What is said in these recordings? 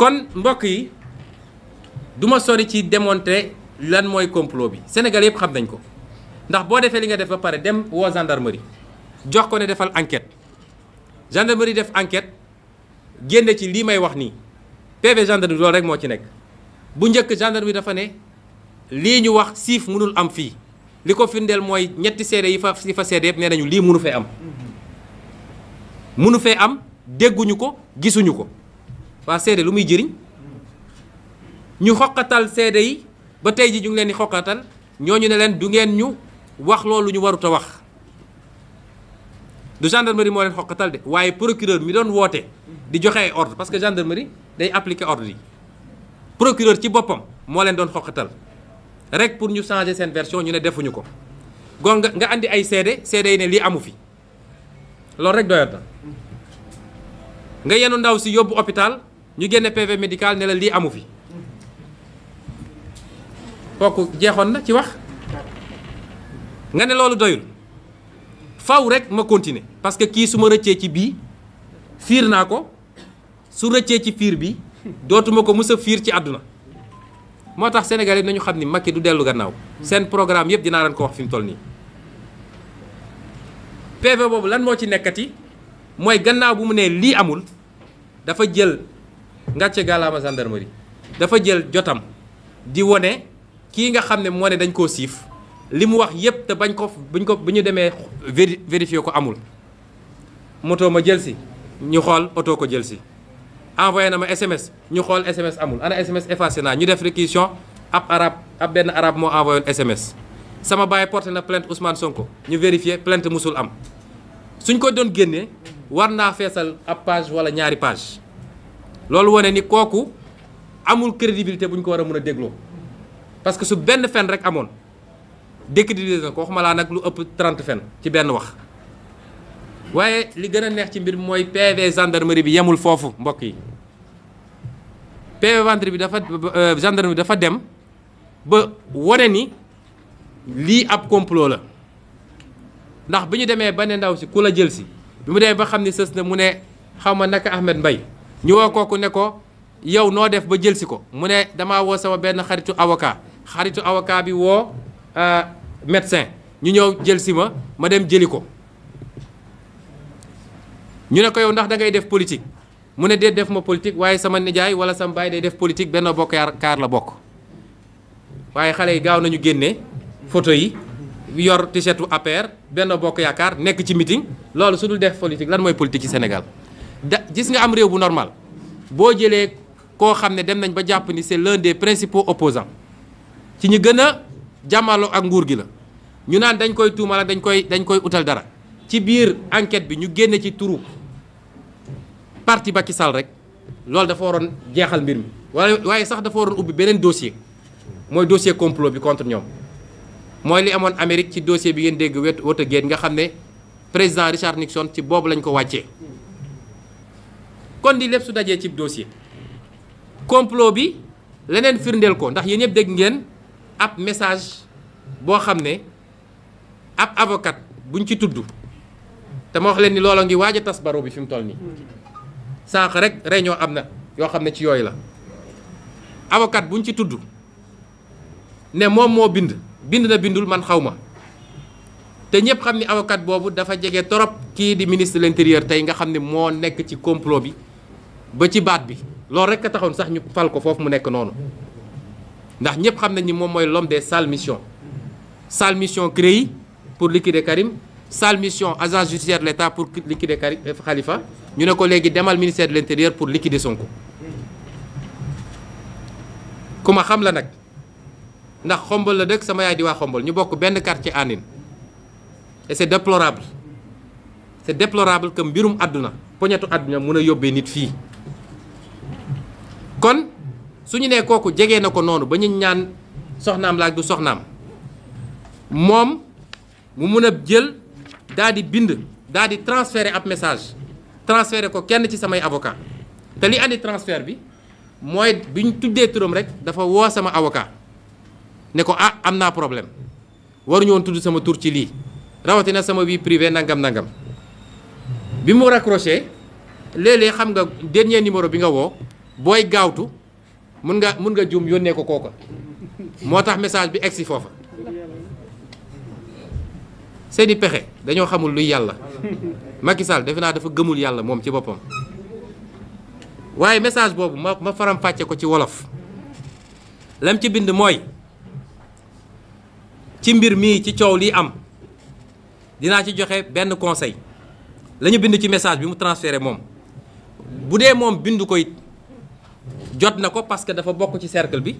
kon mbokk yi duma sori ci démontrer lan mooy complot bi Sénégal yëpp xam nañ ko ndax boo defee li nga def ba pare dem woo gendarmerie jox ko ne defal enquête gendarmerie def enquete génne ci lii may wax nii PV gendarmerie loolu rek moo ci nekk bu njëkk gendarmerie dafa ne lii ñu wax siif mënul am fii li ko findeel mooy ñetti seede yi fa yi fa seede yëpp nee nañu lii mënu fee am mm-hmm. mënu fee am dégguñu ko gisuñu ko waa seede lu muy jëriñ ñu xoqatal seede yi ba tey ji ñu leen di xoqatal ñu ne leen du ngeen ñu wax loolu ñu warut wax du gendarmerie moo leen xoqatal de waaye procureur mi doon woote di joxe ay ordre parce que gendarmerie day appliquer ordre yi procureur ci boppam moo leen doon xoqatal rek pour ñu changer seen version ñu ne defuñu ko gon nga nga andi ay seede seede yi ne lii amu fi loolu rek doyoon na nga yenu ndaw si yóbbu hôpital ñu génne PV médical ne la lii amu fi kooku jeexoon na ci wax nga ne loolu doyul faw rek ma continuer parce que kii su ma rëccee ci bii fiir naa ko su rëccee ci fiir bi dootuma ko mës a fiir ci àdduna moo tax sénégalais nañu xam ni Macky du dellu gannaaw seen programme yëpp dinaa leen ko wax fi toll nii PV boobu lan moo ci nekkati mooy gannaaw bu mu nee lii amul dafa jël ngàcce gàllaama gendarmerie dafa jël jotam di wone kii nga xam ne moo ne dañ ko siif li mu wax yépp te bañ ko buñ ko bu ñu demee vérifier ko amul moto ma jël si ñu xool oto ko jël si envoyé na ma SMS ñu xool SMS amul ana SMS effacé naa ñu def requision ab arabe ab benn arabe moo envoyé SMS sama baay porté na plainte Ousmane Sonko ñu vérifier plainte musul am suñ ko doon génnee war naa feesal ab page wala ñaari page loolu wane ni kooku amul crédibilité bu ñu ko war a mën a dégloo parce que su benn fen rek amoon décrédibilité na ko waxuma laa nag lu ëpp 30 fen ci benn wax waaye li gën a neex ci mbir mooy PV gendarmerie bi yemul foofu mbokk yi PV ventre bi dafa euh, gendarmerie dafa dem ba wane ni lii ab complot la ndax bi ñu demee ba ne ndaw si ku la jël si bi mu demee ba xam ni sës na mu ne xaw ma naka Ahmed mbay ñu woo kooku ne ko yow noo def ba jël si ko mu ne damaa woo sama benn xaritu avocat xaritu avocat bi woo euh, médecin ñu ñëw jël si ma ma dem jëli ko ñu ne ko yow ndax da ngay def politique mu ne dee def ma politique waaye sama nijaay wala sama baay day def politique benn bokk kaar la bokk waaye xale yi gaaw nañu génne photo yi yor t-shirtu benn bokk yaakaar nekk ci meeting loolu su dul def politique lan mooy politique ci senegal da gis nga am réew bu normal boo jëlee koo xam ne dem nañ ba jàpp ni c'est l'un des principaux opposants ci ñu gën a jàmmaloo ak nguur gi la ñu naan dañ koy tuumala dañ koy dañ koy utal dara ci biir enquête bi ñu génne ci turu parti Macky Sall rek loolu dafa waroon jeexal mbir mi wala waaye sax dafa waroon ubbi beneen dossier mooy dossier complot bi contre ñoom mooy li amoon Amérique ci dossier bi ngeen dégg wet Watergate nga xam ne président Richard Nixon ci boobu lañ ko wàccee kon di lépp su dajee ci dossier complot bi leneen firndeel ko ndax yéen ñëpp dégg ngeen ab message boo xam ne ab avocat buñ ci tudd te ma wax leen ni loola ngi waaj a tas baro bi fi mu toll nii sànq rek réunion am na yoo xam ne ci yooyu la avocat buñ ci tudd ne moom moo bind bind na bindul man xaw ma te ñëpp xam ni avocat boobu dafa jege torop kii di ministre de l'intérieur tey nga xam ne moo nekk ci complot bi ba ci baat bi loolu rek a taxoon sax ñu fal ko foofu mu nekk noonu ndax ñëpp xam nañ ñi moom mooy l'homme des sales missions sale mission CREI pour liquider Karim sale mission agence judiciaire de l'État pour liquider Karim euh, Khalifa ñu ne ko léegi demal ministère de l'intérieur pour liquider Sonko ku ma xam la nag ndax xombal la dëkk sama yaay di waa xombal ñu bokk benn quartier àndin et c'est déplorable c'est déplorable que mbirum àdduna poñetu àdduna mën a yóbbee nit fii kon su ñu nee kooku jegee na ko noonu ba ñu ñaan soxnaam laa du soxnaam moom mu mun a jël daal di bind daal di transférer ab message transférer ko kenn ci samay avocat te li andi transfert bi mooy bi ñu tuddee turam rek dafa woo sama avocat ne ko ah am naa problème waruñu tudd sama tur ci lii rawatina sama wii privée nangam nangam bi mu raccroché léeg-léeg xam nga dernier numéro bi nga woo. booy gaawtu mun nga mun nga juum yónnee ko kooka moo tax message bi egsi foofa seeni pexe dañoo xamul luy yàlla Macky Sall defe naa dafa gëmul yàlla moom ci boppam waaye message boobu ma ma faram ko ci wolof lam ci bind mooy ci mbir mii ci coow lii am dinaa ci joxe benn conseil lañu bind ci message bi mu transféré moom bu dee moom bind ko jot na ko parce que dafa bokk ci cercle bi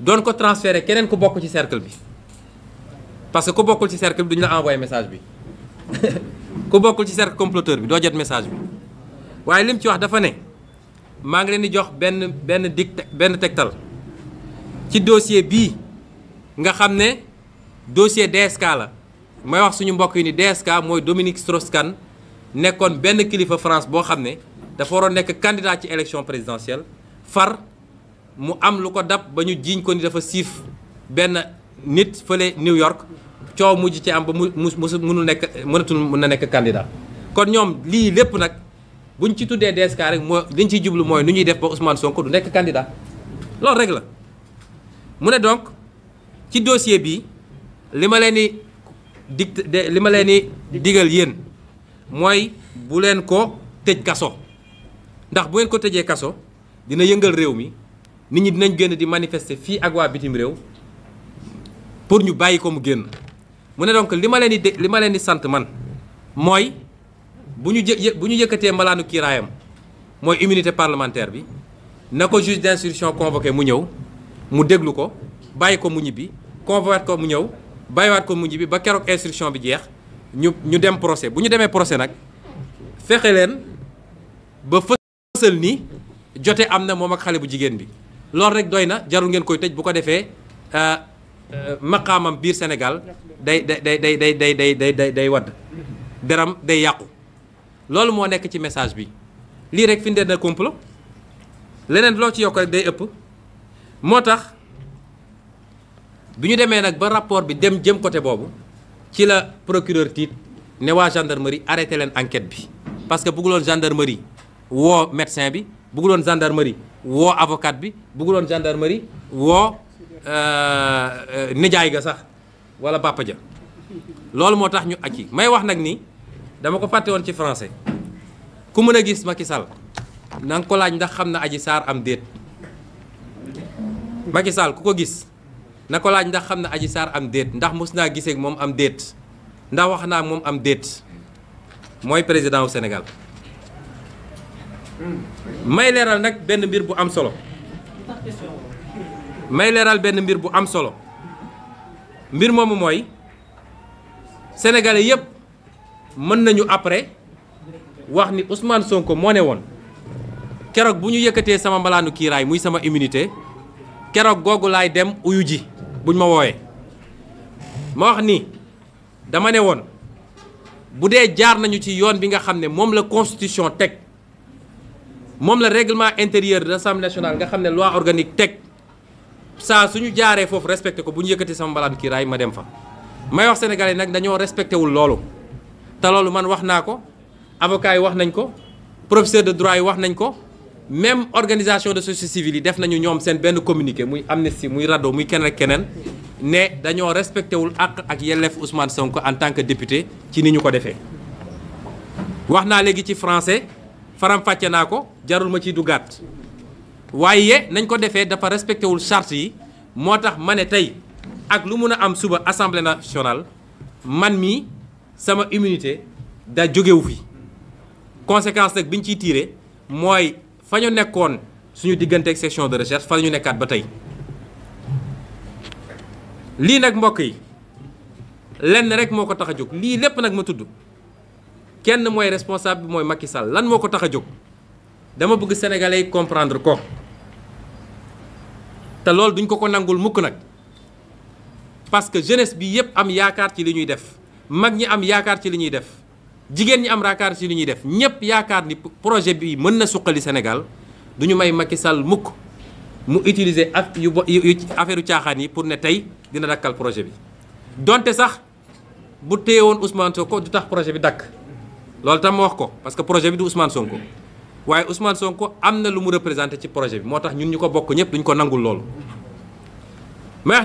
doon ko transféré keneen ku bokk ci cercle bi parce que ku bokkul ci cercle bi duñu la envoyé message bi ku bokkul ci cercle comploteur bi doo jot message bi waaye lim ci wax dafa ne maa ngi leen di jox benn benn dig benn tegtal ci dossier bii nga xam ne dossier DSK la may wax suñu mbokk yi ni DSK mooy Dominique Strauss-Kahn nekkoon benn kilifa France boo xam ne dafa waroon nekk candidat ci élection présidentielle far mu am lu ko dab ba ñu jiiñ ko ni dafa siif benn nit fële New York coow mujj ci am ba mu mu mënul nekk mënatul mun na nekk candidat kon ñoom lii lépp nag buñ ci tuddee DSK rek moo liñ ciy jublu mooy nu ñuy def ba Ousmane Sonko du nekk candidat loolu rek la mu ne donc ci dossier bi li ma leen di dig li ma leen di digal yéen mooy bu leen ko tëj kaso ndax bu ngeen ko tëjee kaso dina yëngal réew mi nit ñi dinañ génn di manifester fii ak waa bitim réew pour ñu bàyyi ko mu génn mu ne donc li ma leen di li ma leen di sant man mooy bu ñu jë bu ñu yëkkatee malaanu kiiraayam mooy immunité parlementaire bi na ko juge d'instruction convoqué mu ñëw mu déglu ko bàyyi ko mu ñibbi convoqué ko mu ñëw bàyyiwaat ko mu ñibbi ba keroog instruction bi jeex ñu ñu dem procès bu ñu demee procès nag fexe leen ba fësal ni. jote am na moom ak xale bu jigéen bi loolu rek doy na jarul ngeen koy tëj bu ko defee euh, euh, maqaamam biir Sénégal day day day day day day day day day day wadd deram day yàqu loolu moo nekk ci message bi lii rek firndeel na complot leneen loo ci yokk rek day ëpp moo tax bi ñu demee nag ba rapport bi dem jëm côté boobu ci la procureur tiit ne waa gendarmerie arrêté leen enquête bi parce que bëgguloon gendarmerie woo médecin bi bëgguloon gendarmerie woo avocat bi bëgguloon gendarmerie woo euh, nijaay ga sax wala papa ja loolu moo tax ñu acci may wax nag ni dama ko fàtte woon ci français ku mën a gis Macky Sall na ko laaj ndax xam na Adji saar am déet Macky Sall ku ko gis na ko laaj ndax xam na Adji Sarr am déet ndax mos naa giseek moom am déet ndax wax naa moom am déet mooy président wu Sénégal may leeral nag benn mbir bu am solo may leeral benn mbir bu am solo mbir moomu mooy sénégalais yëpp mën nañu après wax ni Ousmane Sonko moo ne woon keroog bu ñu yëkkatee sama mbalaanu kiiraay muy sama immunité keroog googu laay dem uyu ji buñ ma woowee ma wax ni dama ne woon bu dee jaar nañu ci yoon bi nga xam ne moom la constitution teg moom la règlement intérieur de l'Assemblée nationale nga xam ne loi organique teg saa suñu jaaree foofu respecté ko bu ñu yëkkati sama mbalaan kii ma dem fa may wax sénégal yi nag dañoo respecté wul loolu te loolu man wax naa ko avocat yi wax nañ ko professeur de droit yi wax nañ ko même organisation de société civile yi def nañu ñoom seen benn communiqué muy Amnesty muy RADDHO muy keneen ak keneen ne dañoo respecté wul àq ak yelleef Ousmane Sonko en tant que député ci ni ñu ko defee wax naa léegi ci français faram-fàcce naa ko jarul ma ciy duggaat waaye nañ ko defee dafa respecté wul charte yi moo tax ma ne tey ak lu mun a am suba assemblée nationale man mii sama immunité da jógewu fi conséquence nag bi ñu ciy tiire mooy fa ñu nekkoon suñu diggante ak section de recherche fa la ñu nekkaat ba tey lii nag mbokk yi lenn rek moo ko tax a jóg lii lépp nag ma tudd kenn mooy responsable bi mooy Macky sal lan moo ko tax a jóg dama bëgg sénégalais yi comprendre ko te loolu duñ ko ko nangul mukk nag parce que jeunesse bi yépp am yaakaar ci li ñuy def mag ñi am yaakaar ci li ñuy def jigéen ñi am yaakaar ci li ñuy def ñépp yaakaar ni projet bi mën na suqali Sénégal duñu may Macky Sall mukk mu utiliser ak yu affaire caaxaan yi pour ne tey dina dakkal projet bi donte sax bu téye woon Ousmane Sonko du tax projet bi dakk loolu tam ma wax ko parce que projet bi du Ousmane Sonko waaye Ousmane Sonko am na lu mu représenté ci projet bi moo tax ñun ñu ko bokk ñëpp duñ ko nangul loolu.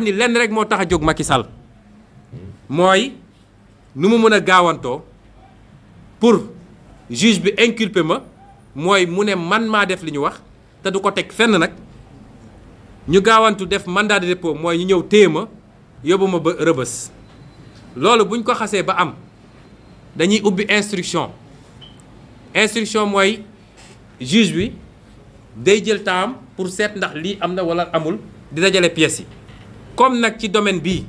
ni lenn rek moo tax a jóg Macky Sall mooy nu mu mën a gaawantoo pour juge bi inculpé ma mooy mu ne man maa def li ñu wax te du ko teg fenn nag ñu gaawantu def mandat de dépôt mooy ñu ñëw téye ma yóbbu ma ba rëbës loolu buñ ko xasee ba am. dañuy ubbi instruction instruction mooy juge bi day jël temps pour seet ndax lii am na wala amul di dajale pièces yi comme nag ci domaine bii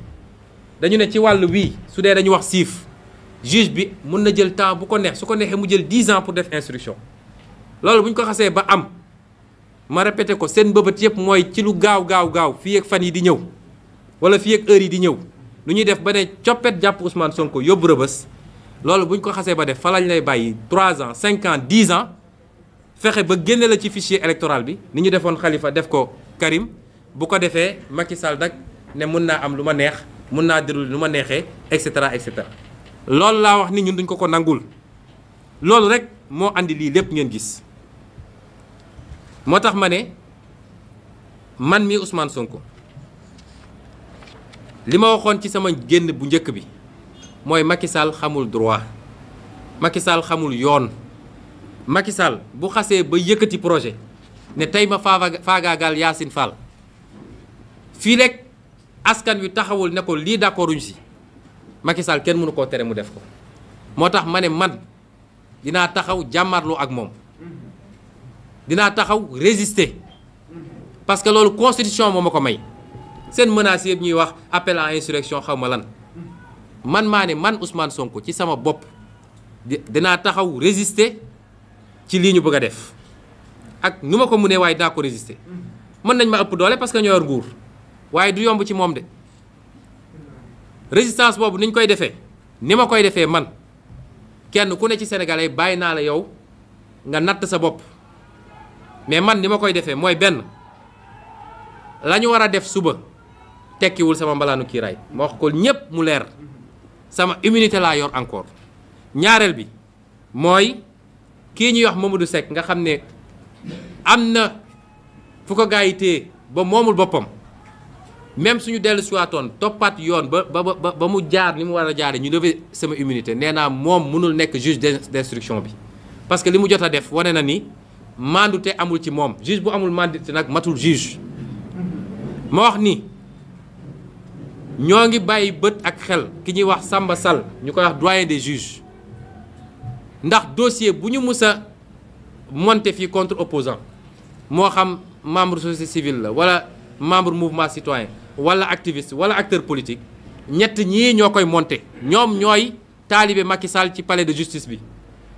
dañu ne ci wàll wii su dee dañu wax siif juge bi mun na jël temps bu ko neex su ko neexee mu jël 10 ans pour def instruction loolu bu ñu ko xasee ba am ma répété ko seen bëbët yëpp mooy ci lu gaaw gaaw gaaw fii ak fan yi di ñëw wala fii ak heure yi di ñëw lu ñuy def ba ne coppet jàpp Ousmane Sonko yóbbu rëbës loolu bu ñu ko xasee ba def fa lañ lay bàyyi trois ans cinquante ans 10 ans fexe ba génne la ci fichier électoral bi ni ñu defoon Khalifa def ko Karim bu ko defee Macky Sall nag ne mun naa am lu ma neex mun naa déroulé lu ma neexee et cetera et cetera loolu laa wax ni ñun duñ ko ko nangul loolu rek moo indi lii lépp ngeen gis moo tax ma ne man mi Ousmane Sonko li ma waxoon ci sama génn bu njëkk bi. mooy Macky Sall xamul droit Macky xamul yoon Macky bu xasee ba yëkkati projet ne tey ma faagaagal Yacine Fall fii rek askan wi taxawul ne ko lii d'accorduñ si Macky Sall kenn mënu koo tere mu def ko moo tax ma ne man dinaa taxaw jàmmarloo ak moom dinaa taxaw résister parce que loolu constitution moom a ko may seen menaces yëpp ñuy wax appel à insurrection xaw ma lan man maa ni man Ousmane Sonko ci sama bopp dinaa taxaw résister ci lii ñu bëgg a def ak nu ma ko mënee waaye dinaa ko résister mën nañ ma ëpp doole parce que ñoo yor nguur waaye du yomb ci moom de résistance boobu niñ koy defee ni ma koy defee man kenn ku ne ci sénégalais bàyyi naa la yow nga natt sa bopp mais man ni ma koy defee mooy benn la ñu war a def suba tekkiwul sama mbalaanu kiiraay ma wax ko ñépp mu leer sama immunité laa yor encore ñaareel bi mooy kii ñuy wax Mamadou Seck nga xam ne am na fu ko gaa yi téye ba moomul boppam même suñu dellu siwaatoon toppaat yoon ba ba ba ba mu jaar ni mu war a jaare ñu lever sama immunité nee naa moom munul nekk juge d'instruction bi parce que li mu jot a def wane na ni mandute amul ci moom juge bu amul mandute nag matul juge ma wax ni ñoo ngi bàyyi bët ak xel ki ñuy wax Samba Sall ñu koy wax doyen des juges ndax dossier bu ñu mus a monter fii contre opposant moo xam membre société civile la wala membre mouvement citoyen wala activiste wala acteur politique ñett ñii ñoo koy monter ñoom ñooy taalibe Macky Sall ci palais de justice bi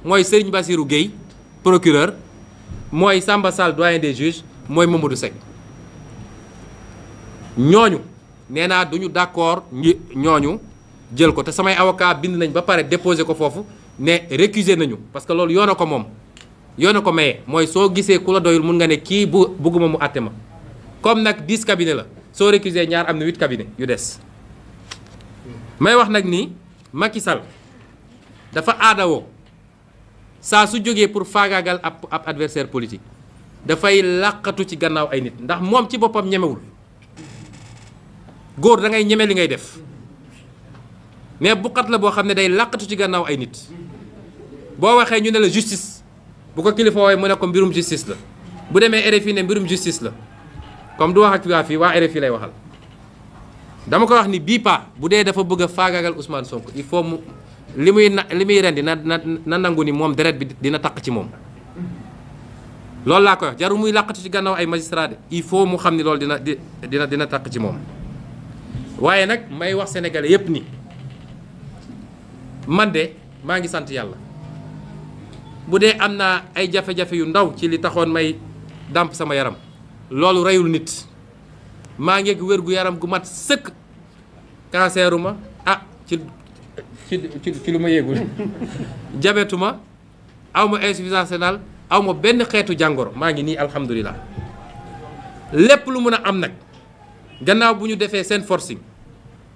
mooy Serigne Bassirou Gueye procureur mooy Samba Sall doyen des juges mooy Mamadou Seck ñooñu. nee naa du ñu d'accord ñi ñooñu jël ko te samay avocat bind nañ ba pare déposé ko foofu ne récuser nañu parce que loolu yoona ko moom yoona ko maye mooy soo gisee ku la doyul mun nga ne kii bu bugguma mu àtte ma comme nag 10 cabinet la soo récuser ñaar am na 8 cabinet yu des may wax nag ni Macky Sall dafa aadawoo saa su jógee pour faagaagal ab ab adversaire politique dafay làqatu ci gannaaw ay nit ndax moom ci boppam ñemewul góor da ngay ñeme li ngay def mais buqat la boo xam ne day làqatu ci gànnaaw ay nit boo waxee ñu ne la justice bu ko kilifa woowee mu ne ko mbirum justice la bu demee RFI ne mbirum justice la comme du wax ak waa fii waa RFI lay waxal dama ko wax ni bii pa bu dee dafa bëgg a faagaagal Ousmane Sonko il faut mu li muy na li muy rendi na na nangu ni moom deret bi dina taq ci moom loolu laa ko wax jarul muy làqatu ci gànnaaw ay magistrat de il faut mu xam ni loolu dina dina dina taq ci moom waaye nag may wax sénégalais yépp ni man de maa ngi sant yàlla bu dee am naa ay jafe-jafe yu ndaw ci li taxoon may dàmp sama yaram loolu reyul nit maa ngi wér gu yaram gu mat sëkk kanseeruma ah ci ci ci lu ma yéegul jabetuma awma insuffisance rénale awma benn xeetu jàngoro maa ngi nii alhamdulilah lépp lu mën a am nag gannaaw bu ñu defee seen forcing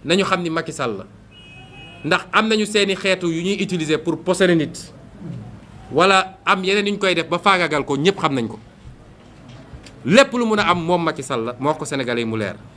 nañu xam ni Macky Sall la ndax am nañu seeni xeetu yu ñuy utiliser pour posséder nit wala am yeneen yu ñu koy def ba faagagal ko ñëpp xam nañ ko lépp lu mun a am moom Macky Sall la moo ko sénégalais mu leer.